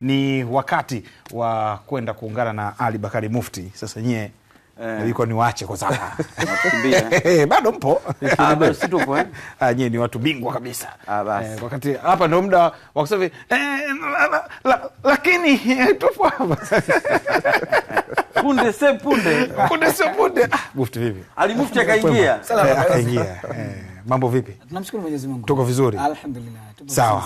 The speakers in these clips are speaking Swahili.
ni wakati wa kwenda kuungana na Ali Bakari Mufti. Sasa nyie ilikuwa eh. ni waache kwa sasa eh? bado mpo eh? ah, nyie ni watu bingwa kabisa ah, eh, wakati hapa ndo muda wa kusema eh, la, la, lakini tupo hapa punde se punde punde se punde ah, mufti vipi Mufti akaingia akaingia mambo vipi? Tunamshukuru Mwenyezi Mungu. Tuko vizuri. Alhamdulillah. Tuko Sawa.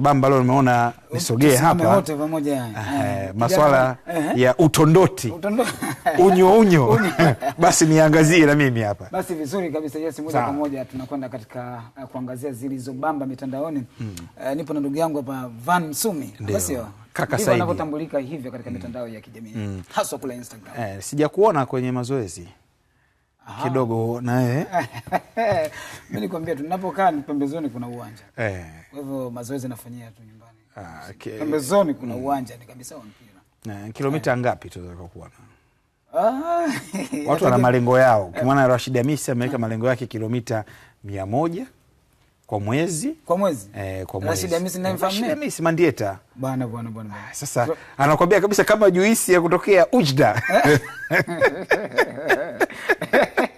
bamba leo nimeona nisogee hapa. Wote pamoja. Eh. masuala ya utondoti. Utondoti. unyo unyo. Basi niangazie na mimi hapa. Basi vizuri kabisa. Yes, moja kwa moja tunakwenda katika eh, kuangazia zilizobamba mitandaoni. Hmm. Eh, nipo na ndugu yangu hapa Van Msumi. Basi Kaka Saidi. Anavyotambulika hivyo katika hmm. mitandao ya kijamii. Hmm. Haswa kule Instagram. Eh, sijakuona kwenye mazoezi. Ah. kidogo naye. Eh? Mimi nikwambia tu tunapokaa ni pembezoni kuna uwanja. Eh. Kwa hivyo mazoezi nafanyia tu nyumbani. Ah, okay. Pembezoni kuna mm. uwanja ni kabisa wa mpira. Eh, kilomita ngapi tunaweza kuona Ah, watu wana malengo yao. Kwa maana Rashid Hamisi ameweka malengo yake kilomita mia moja kwa mwezi kwa mwezi eh, kwa mwezi. Rashid Hamisi ninamfahamu Rashid Hamisi Mandieta bwana bwana bwana. Ah, sasa anakwambia kabisa kama juisi ya kutokea Ujda eh.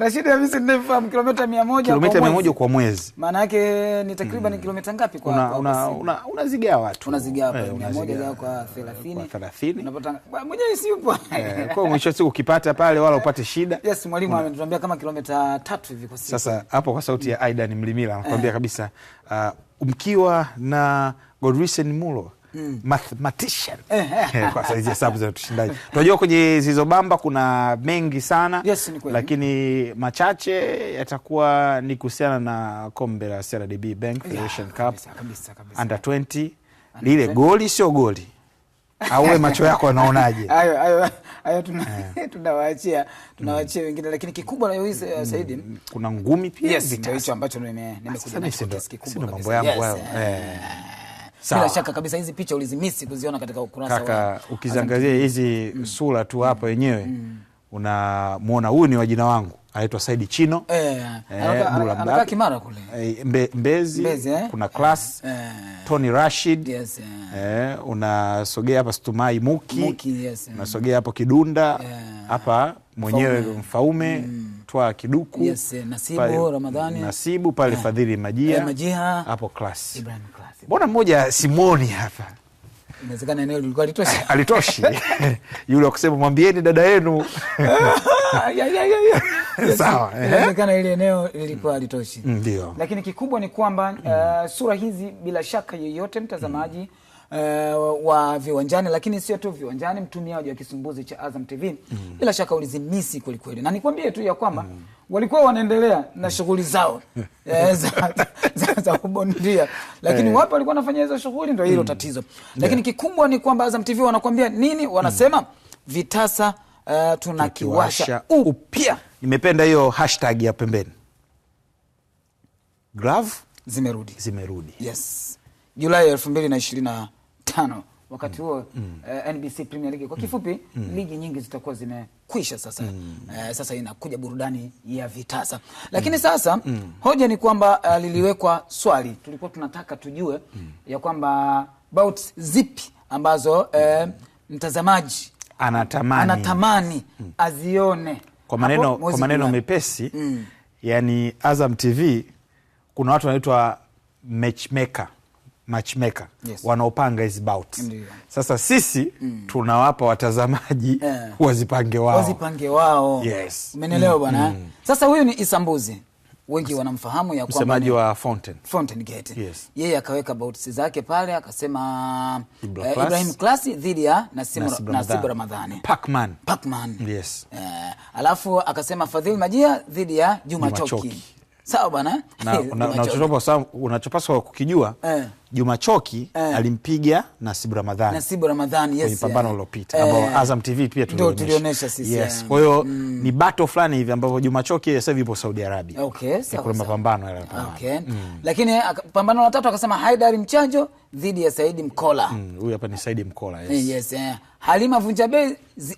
Rashid Hamisi ninayefahamu kilomita 100 kilomita 100 kwa mwezi, maana yake ni takriban mm. kilomita ngapi kwa una, una, una, unazigaa watu unazigaa 100 kwa 30 kwa 30 unapata mwenye si upo eh, kwa mwisho siku ukipata pale wala upate shida. Yes, mwalimu ametuambia kama kilomita 3 hivi kwa siku. Sasa hapo kwa sauti ya Aidan Mlimila anakuambia eh. kabisa, uh, mkiwa na Godrisen Mulo mm. mathematician eh, eh. kwa saizi hesabu za utushindaji. Tunajua kwenye Zilizobamba kuna mengi sana yes, lakini machache yatakuwa ni kuhusiana na kombe la CRDB Bank Federation Cup 20 lile goli sio goli auwe macho yako anaonaje? hayo eh. tunawaachia tunawachia mm. wengine, lakini kikubwa nayohisi uh, mm. Saidi, kuna ngumi pia hicho ambacho ah, nimekuja nacho, kiasi kikubwa mambo yangu hayo bila shaka kabisa hizi picha ulizimisi kuziona katika ukurasa kaka wa hizi mm. sura tu hapa wenyewe mm. mm. unamwona huyu ni wajina wangu anaitwa Saidi Chino eh, eh, anakaa Kimara kule eh, mbe, Mbezi, Mbezi eh? kuna Class eh, eh, Tony Rashid yes, eh. Eh, unasogea hapa Stumai Muki, Muki yes, eh. unasogea hapo Kidunda eh. hapa eh, mwenyewe Mfaume, Mfaume. Mm twaa kiduku yes, eh, nasibu, pale, Ramadhani, nasibu pale yeah. Fadhili Majia hapo class. mbona mmoja simwoni hapa Inawezekana eneo lilikuwa litoshi. alitoshi yule akusema mwambieni dada yenu sawa, eh? inawezekana ile eneo lilikuwa litoshi. Mm, ndio, lakini kikubwa ni kwamba uh, sura hizi bila shaka yoyote mtazamaji mm uh, wa viwanjani, lakini sio tu viwanjani, mtumiaji wa kisumbuzi cha Azam TV mm. bila shaka ulizimisi kwelikweli, na nikwambie tu ya kwamba mm. walikuwa wanaendelea na mm. shughuli zao e, za, za, za ubondia, lakini eh. wapo walikuwa wanafanya hizo shughuli, ndo hilo mm. tatizo, lakini yeah. kikubwa ni kwamba Azam TV wanakuambia nini? Wanasema mm. vitasa uh, tunakiwasha upya. Nimependa hiyo hashtag ya pembeni Glove zimerudi zimerudi, yes, Julai elfu mbili na ishirini na tano wakati mm. huo mm. uh, eh, NBC Premier League kwa mm. kifupi mm. ligi nyingi zitakuwa zimekwisha sasa. Mm. Uh, sasa inakuja burudani ya vitasa, lakini mm. sasa mm. hoja ni kwamba uh, liliwekwa swali, tulikuwa tunataka tujue mm. ya kwamba bout zipi ambazo uh, mtazamaji anatamani, anatamani mm. azione kwa maneno, kwa maneno mepesi mm. yani Azam TV kuna watu wanaitwa matchmaker matchmaker yes, wanaopanga hizi bout. Sasa sisi mm, tunawapa watazamaji yeah, wazipange wao, wazipange wao. Yes, mm. bwana? Mm. Sasa huyu ni Isambuzi wengi wanamfahamu ya msemaji wa Fountain Fountain Gate yes. Yeye akaweka bouts zake pale akasema uh, Ibrahim Klasi dhidi ya Nasibu Ramadhani Pacman Pacman yes. Uh, alafu akasema Fadhil Majia dhidi ya Juma Choki sawa unachopaswa kukijua eh. Juma Choki eh. alimpiga Nasibu Ramadhani, Nasibu Ramadhani yes, pambano lilopita eh. ambao Azam TV pia tulionyesha yes. Kwa hiyo mm. ni bato fulani hivi ambavyo Juma Choki sasa ipo Saudi Arabia okay, kuna mapambano yale okay. mm. lakini ah, pambano la tatu akasema Haidari Mchanjo dhidi ya Saidi Mkola mm, huyu mm. hapa ni Saidi Mkola yes. Eh, yes, eh. Halima Vunjabei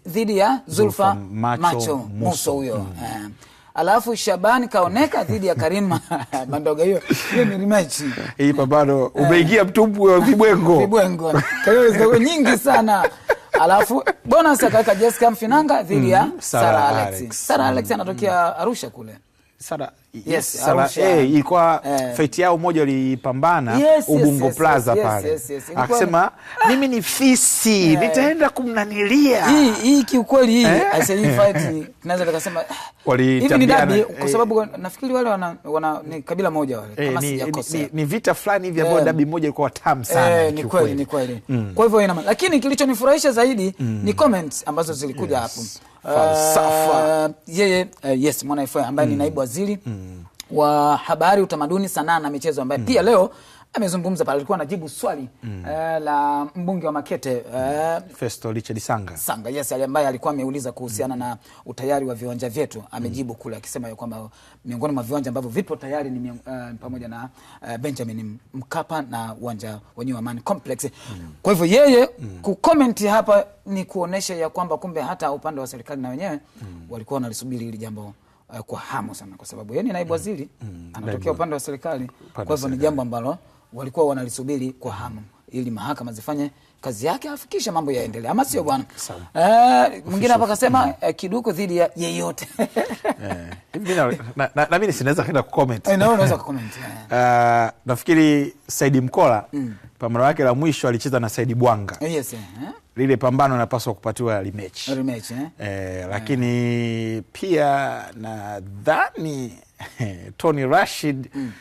dhidi ya Zulfa, Zulfa Macho, Macho Muso huyo mm. eh alafu Shabani kaoneka dhidi ya Karima Mandoga. Hiyo hiyo ni rematch hii, pambano umeingia mtumbu wa vibwengo vibwengo, kwa nyingi sana alafu bonus akaweka Jessica Mfinanga dhidi ya mm, Sara Alex. Sara mm. Alex anatokea Arusha kule. Sara, yes, Sara eh, eh, ilikuwa eh, fight yao moja alipambana yes, Ubungo yes, Plaza yes, pale yes, yes, yes. Akasema ah. mimi ni fisi eh. nitaenda kumnanilia hii hii kiukweli hii eh? Aisee hii fight tunaweza tukasema ni ah. dabi kwa eh. sababu nafikiri wale wana, wana ni kabila moja wale eh, kama sijakosea ni, ni, ni vita fulani hivi ambayo yeah, dabi moja ilikuwa tamu sana eh, ni kweli ni kweli mm. Kwa hivyo ina lakini kilichonifurahisha zaidi mm, ni comments ambazo zilikuja yes, hapo falsafa. Uh, yeye uh, yes mwanaf ambaye mm. ni naibu waziri mm. wa habari, utamaduni, sanaa na michezo ambaye mm. pia leo amezungumza pale, alikuwa anajibu swali mm. eh, la mbunge wa Makete eh, Festo Richard Sanga, Sanga yes, ambaye alikuwa ameuliza kuhusiana mm. na utayari wa viwanja vyetu. Amejibu mm. kule akisema ya kwamba miongoni mwa viwanja ambavyo vipo tayari ni uh, pamoja na uh, Benjamin Mkapa na uwanja wenyewe wa Amani Complex mm. kwa hivyo yeye mm. kukomenti hapa ni kuonesha ya kwamba kumbe hata upande wa serikali na wenyewe mm. walikuwa wanalisubiri hili jambo eh, kwa hamu sana, kwa sababu yeye ni naibu mm. waziri mm. mm. anatokea upande wa serikali, kwa hivyo ni jambo ambalo walikuwa wanalisubiri kwa hamu ili mahakama zifanye kazi yake afikishe mambo yaendelee, ama sio bwana? Eh, mwingine hapa kasema eh, dhidi ya yeyote eh, na, na mimi sinaweza kenda kucomment eh, unaweza kucomment eh. eh nafikiri Saidi Mkola mm. pambano lake la mwisho alicheza na Saidi Bwanga eh, yes, eh. Lile pambano napaswa kupatiwa rematch eh? Eh, lakini eh. pia nadhani Tony Rashid mm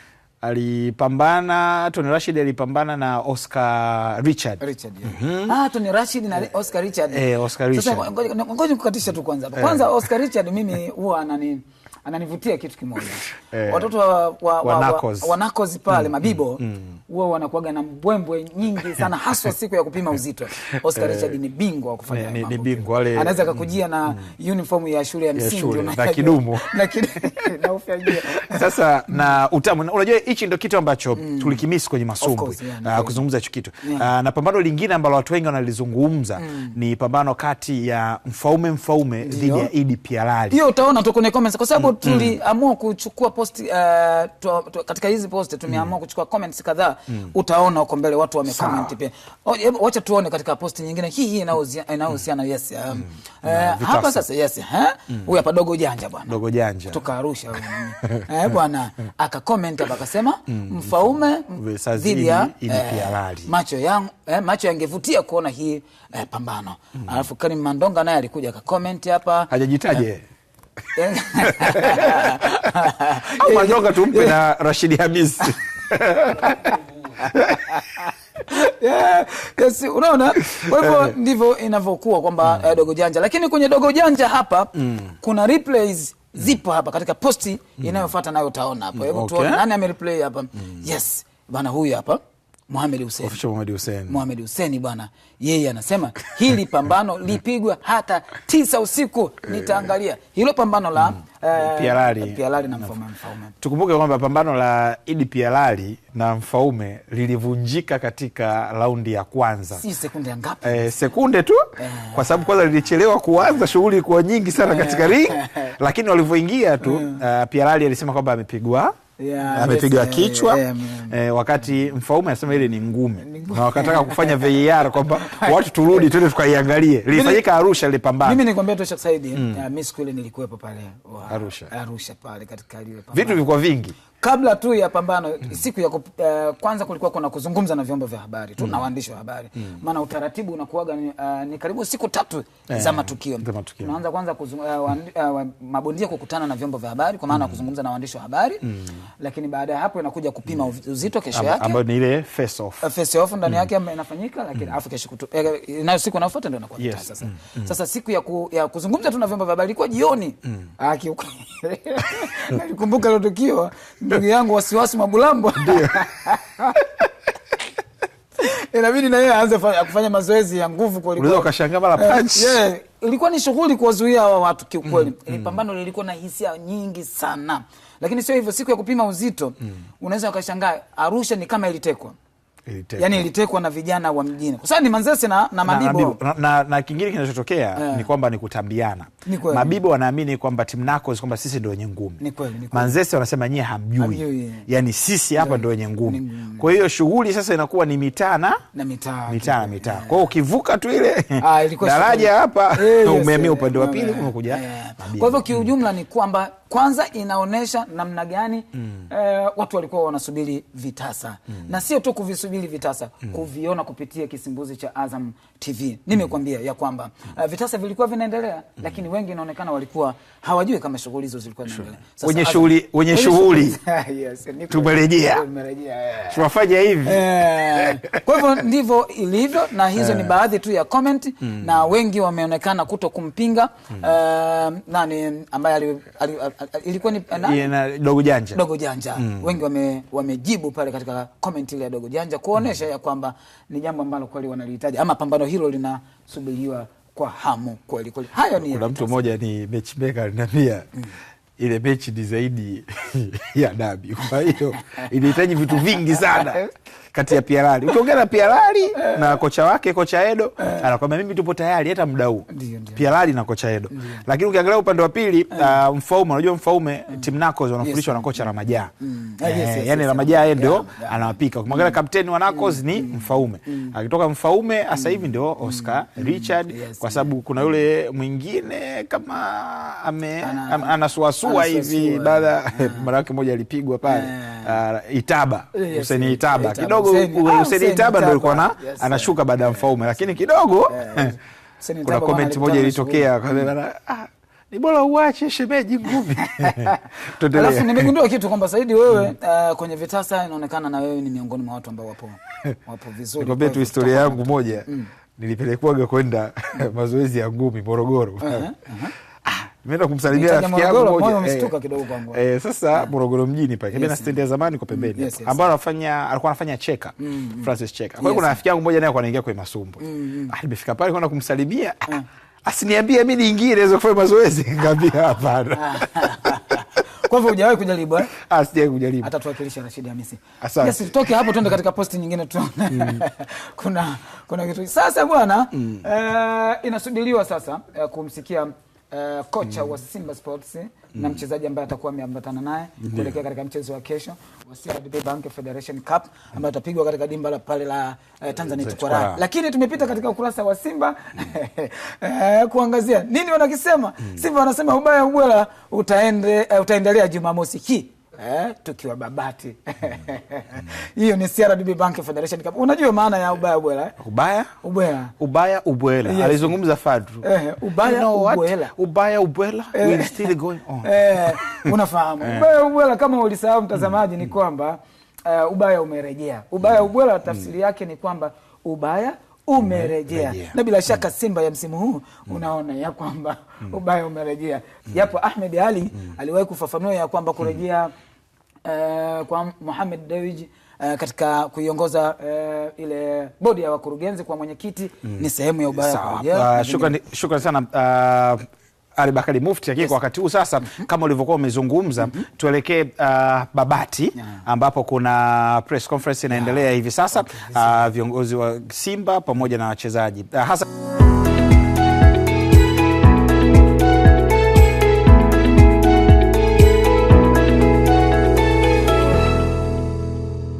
alipambana Tony Rashid alipambana na Oscar Richard, Richard yeah. mm -hmm. Ah, Tony Rashid na Oscar Richard eh, Richard. ngoja kukatisha tu kwanza hapa eh. kwanza Oscar Richard mimi huwa nanini ananivutia kitu kimoja eh, watoto wa, wa, wanakozi wa, wa, wa pale mm, Mabibo mm, mm. huwa mm, wanakuaga na mbwembwe nyingi sana haswa siku ya kupima uzito. Oscar eh, Richard ni bingwa wa kufanya ni, ni bingwa wale, anaweza kakujia mm, na mm. uniform ya shule ya msingi na kidumu na kidumu ufajia sasa na utamu. Unajua hichi ndio kitu ambacho mm, tulikimisi kwenye masomo yeah, uh, kuzungumza hicho kitu yeah. Uh, na pambano lingine ambalo watu wengi wanalizungumza mm, ni pambano kati ya Mfaume Mfaume dhidi ya Idi Pialali. Hiyo utaona tu kwenye comments kwa sababu tuliamua mm. kuchukua post uh, tu, tu, katika hizi post tumeamua mm. kuchukua comments kadhaa mm. utaona huko mbele watu wame comment pia. Wacha tuone katika post nyingine hii hii inayohusiana mm. yes um, mm. uh, yeah, hapa sasa yes ha eh? mm. huyu hapa dogo janja bwana dogo janja kutoka Arusha eh bwana aka comment hapa akasema mm. mfaume dhidi ya eh, macho yangu eh, macho yangevutia kuona hii eh, pambano mm. alafu Karim Mandonga naye alikuja aka comment hapa hajajitaje eh, au yaani- tumpe na Rashidi Hamisi. Yeah, yes, unaona kwa hivyo eh. ndivyo inavyokuwa kwamba mm. Eh, dogo janja lakini kwenye dogo janja hapa mm. kuna replays mm. zipo hapa katika posti mm. inayofuata nayo utaona hapo. Hebu mm, okay. tuone nani replay hapa mm. yes bana huyu hapa Mohamed Hussein, Mohamed Hussein, Mohamed Hussein bwana, yeye anasema hili pambano lipigwa hata tisa usiku nitaangalia hilo pambano la mm. uh, Pialali, Pialali na Mfaume, Mfaume. Tukumbuke kwamba pambano la Idi Pialali na Mfaume lilivunjika katika raundi ya kwanza, si sekunde ngapi? Eh, sekunde tu eh, kwa sababu kwanza lilichelewa kuanza, shughuli ilikuwa nyingi sana katika eh. ring, lakini walivyoingia tu uh, Pialali alisema kwamba amepigwa yeah, amepiga yeah, kichwa yeah, yeah, yeah. E, wakati Mfaume anasema ile ni ngumi na wakataka kufanya VAR e kwamba watu turudi tuende tukaiangalie. Lilifanyika Arusha ile pambano. Mimi nikwambia tosha Saidi, mm. mimi siku ile nilikuwepo pale Arusha. Arusha pale katika ile pambano. Vitu vilikuwa vingi kabla tu ya pambano mm. siku ya kup, uh, kwanza kulikuwa kuna kuzungumza na vyombo vya habari tu mm. na waandishi wa habari mm. maana mm. utaratibu unakuwaga ni, uh, ni karibu siku tatu eh, za matukio tunaanza kwanza uh, uh, mabondia kukutana na vyombo vya habari kwa maana mm. kuzungumza na waandishi wa habari mm. lakini baada ya hapo inakuja kupima mm. uzito kesho yake ambayo ni ile face off, uh, face off ndani mm. yake mm. inafanyika lakini mm. afu kesho eh, inayo siku inayofuata ndio inakuwa yes. sasa mm. mm. sasa siku ya, ku, ya kuzungumza tu na vyombo vya habari ilikuwa jioni mm. akikumbuka ah, hilo tukio ndugu yangu wasiwasi mabulambo inabidi na yeye aanze kufanya mazoezi ya nguvu eh, ilikuwa ni shughuli kuwazuia hawa watu kiukweli. Mm, eh, mm. Pambano lilikuwa na hisia nyingi sana, lakini sio hivyo. Siku ya kupima uzito mm, unaweza ukashangaa Arusha ni kama ilitekwa ilitekwa. Yani ilitekwa na vijana wa mjini kwa sababu ni Manzese na, na Mabibo na, na, na, na kingine kinachotokea yeah. ni kwamba ni kutambiana. Mabibo wanaamini kwamba timu nako kwamba sisi ndio wenye ngumi, Manzese wanasema nyie hamjui, eh. yani sisi hapa ndio wenye ngumi. Kwa hiyo shughuli sasa inakuwa ni mitaa na mitaa mitaa mitaa. Eh. Kwa hiyo ukivuka tu ile ah, daraja hapa eh, umeamia upande wa pili unakuja. Kwa hivyo kiujumla ni kwamba kwanza inaonyesha namna gani mm. eh, watu walikuwa wanasubiri vitasa mm. na sio tu kuvisubiri vitasa mm. kuviona kupitia kisimbuzi cha Azam TV mm. nimekwambia ya kwamba uh, vitasa vilikuwa vinaendelea mm Lakini wengi inaonekana walikuwa hawajui kama shughuli hizo zilikuwa zinaendelea. Sasa wenye shughuli wenye shughuli ah, yes, tumerejea tunafanya hivi eh, kwa hivyo ndivyo ilivyo, na hizo ni eh. baadhi tu ya comment mm na wengi wameonekana kuto kumpinga mm uh, nani ambaye ali, ali, ali, ilikuwa ni eh, na dogo janja dogo janja mm wengi wame, wamejibu pale katika comment ile ya dogo janja kuonesha mm ya kwamba ni jambo ambalo kweli wanalihitaji ama pambano hilo linasubiriwa kwa hamu kweli kweli. Hayo ni kuna mtu mmoja ni matchmaker aliniambia mm. Ile mechi ni zaidi ya dabi, kwa hiyo inahitaji vitu vingi sana kati ya Pialali. Ukiongea na Pialali na kocha wake kocha Edo anakwambia mimi tupo tayari hata muda huu. Pialali na kocha Edo. Lakini ukiangalia upande wa pili uh, Mfaume unajua Mfaume mm. timu Nacoz wanafundishwa yes. na kocha Ramajaa. Mm. Ah, eh, yes, yes, yani Ramajaa yeye ndio anawapika. Ukimwangalia mm. kapteni wa Nacoz mm. ni Mfaume. Akitoka Mfaume ah, sasa hivi ndio Oscar Richard kwa sababu kuna yule mwingine kama ame anasuasua hivi eh. baada mara yake moja alipigwa pale eh. Itaba. Hussein Itaba kidogo kidogo ah, Itaba alikuwa anashuka baada ya Mfaume, lakini kidogo eh, kuna komenti moja ilitokea mm. ah, ni bora uache shemeji ngumi. Alafu nimegundua kitu kwamba Saidi wewe uh, kwenye vitasa inaonekana na wewe ni miongoni mwa watu ambao wapo wapo vizuri. Nikwambie tu historia yangu moja mm. Nilipelekwaga kwenda mm. mazoezi ya ngumi Morogoro. uh -huh, uh -huh nimeenda kumsalimia rafiki yangu moja eh, eh, sasa eh. Morogoro mjini pale yes, na stendi ya zamani kwa pembeni mm, yes, yes, ambayo anafanya alikuwa anafanya cheka mm, mm. Francis cheka kwa hiyo kuna rafiki yangu mmoja naye anaingia kwenye masumbu Ah, nimefika pale kwenda kumsalimia ah, ah. Asiniambie mi niingie naweza kufanya mazoezi ngambia hapana ah. Kwa hivyo hujawahi kujaribu eh? Ah, sijawahi kujaribu. Atatuwakilisha Rashid Hamisi. Asante. Yes, tutoke hapo tuende katika posti nyingine tu. Mm. kuna kuna kitu. Sasa bwana, mm. eh, inasubiriwa sasa eh, kumsikia Eh, kocha mm. wa Simba Sports mm. na mchezaji ambaye atakuwa ameambatana naye kuelekea katika mchezo wa kesho wa CRDB Bank Federation Cup ambayo atapigwa katika dimba la pale la uh, Tanzania Tukwara. Mm. Lakini tumepita katika ukurasa wa Simba uh, kuangazia nini wanakisema. Simba wanasema ubaya ubwela utaende, uh, utaendelea Jumamosi hii eh, tukiwa Babati mm. hiyo ni CRDB Bank Federation Cup. Unajua maana ya ubaya ubwela? eh? Ubaya ubwela, ubaya ubwela, yes. Alizungumza Fadru eh, ubaya you know ubwela, ubaya ubwela eh, we still going on eh, unafahamu eh. Ubaya ubwela kama ulisahau mm. mtazamaji, mm. ni kwamba uh, ubaya umerejea. Ubaya mm. ubwela tafsiri yake ni kwamba ubaya umerejea na bila shaka Simba ya msimu huu mm. unaona ya kwamba mm. ubaya umerejea, japo Ahmed Ali mm. aliwahi kufafanua ya kwamba kurejea mm. Eh, kwa Mohamed Dewji uh, katika kuiongoza uh, ile bodi ya wakurugenzi kwa mwenyekiti mm. ni sehemu ya ubaya kwa ujela. Uh, shukrani, shukrani sana uh, ali Bakari Mufti lakini yes. Kwa wakati huu sasa mm-hmm. kama ulivyokuwa umezungumza mm-hmm. tuelekee uh, Babati yeah. ambapo kuna press conference inaendelea yeah. hivi sasa okay. uh, viongozi wa Simba pamoja na wachezaji uh, hasa